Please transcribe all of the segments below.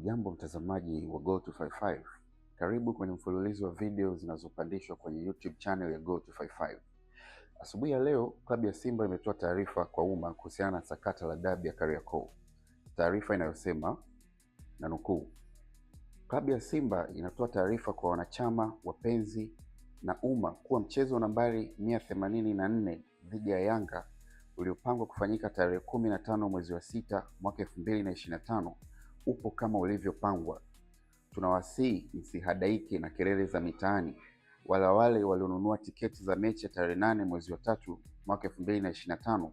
Hujambo mtazamaji wa Go255, karibu kwenye mfululizo wa video zinazopandishwa kwenye YouTube channel ya Go255. Asubuhi ya leo klabu ya Simba imetoa taarifa kwa umma kuhusiana na sakata la dabi ya Kariakoo, taarifa inayosema na nukuu, klabu ya Simba inatoa taarifa kwa wanachama, wapenzi na umma kuwa mchezo wa nambari 184 dhidi ya Yanga uliopangwa kufanyika tarehe 15 mwezi wa 6 mwaka 2025 upo kama ulivyopangwa. Tunawasihi msihadaike na kelele za mitaani, wala wale walionunua tiketi za mechi ya tarehe nane mwezi wa tatu mwaka elfu mbili na ishirini na tano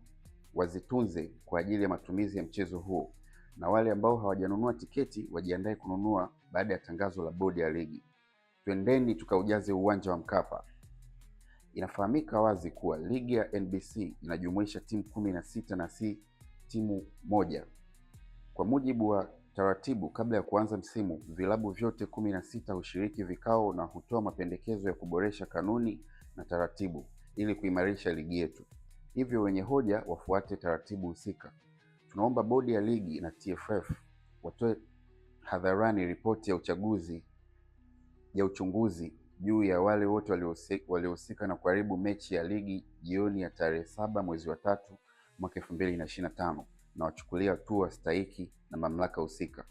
wazitunze kwa ajili ya matumizi ya mchezo huo, na wale ambao hawajanunua tiketi wajiandae kununua baada ya tangazo la bodi ya ligi. Twendeni tukaujaze uwanja wa Mkapa. Inafahamika wazi kuwa ligi ya NBC inajumuisha timu kumi na sita na si timu moja. Kwa mujibu wa Taratibu kabla ya kuanza msimu, vilabu vyote kumi na sita hushiriki vikao na hutoa mapendekezo ya kuboresha kanuni na taratibu ili kuimarisha ligi yetu, hivyo wenye hoja wafuate taratibu husika. Tunaomba bodi ya ligi na TFF watoe hadharani ripoti ya uchaguzi ya uchunguzi juu ya wale wote waliohusika na kuharibu mechi ya ligi jioni ya tarehe saba mwezi wa tatu mwaka 2025 na wachukulia hatua stahiki na mamlaka husika.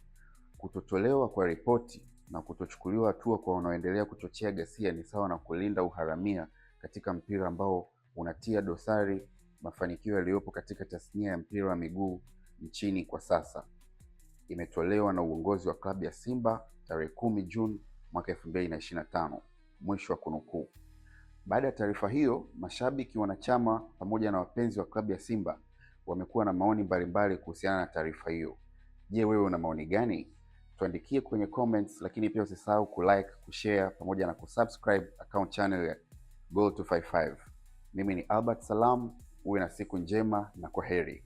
Kutotolewa kwa ripoti na kutochukuliwa hatua kwa wanaoendelea kuchochea ghasia ni sawa na kulinda uharamia katika mpira ambao unatia dosari mafanikio yaliyopo katika tasnia ya mpira wa miguu nchini kwa sasa. Imetolewa na uongozi wa klabu ya Simba tarehe kumi Juni mwaka tano. Mwisho wa kunukuu. Baada ya taarifa hiyo, mashabiki, wanachama pamoja na wapenzi wa klabu ya Simba wamekuwa na maoni mbalimbali kuhusiana na taarifa hiyo. Je, wewe una maoni gani? Tuandikie kwenye comments, lakini pia usisahau kulike, kushare pamoja na kusubscribe account channel ya Goal255. Mimi ni Albert Salam, uwe na siku njema na kwa heri.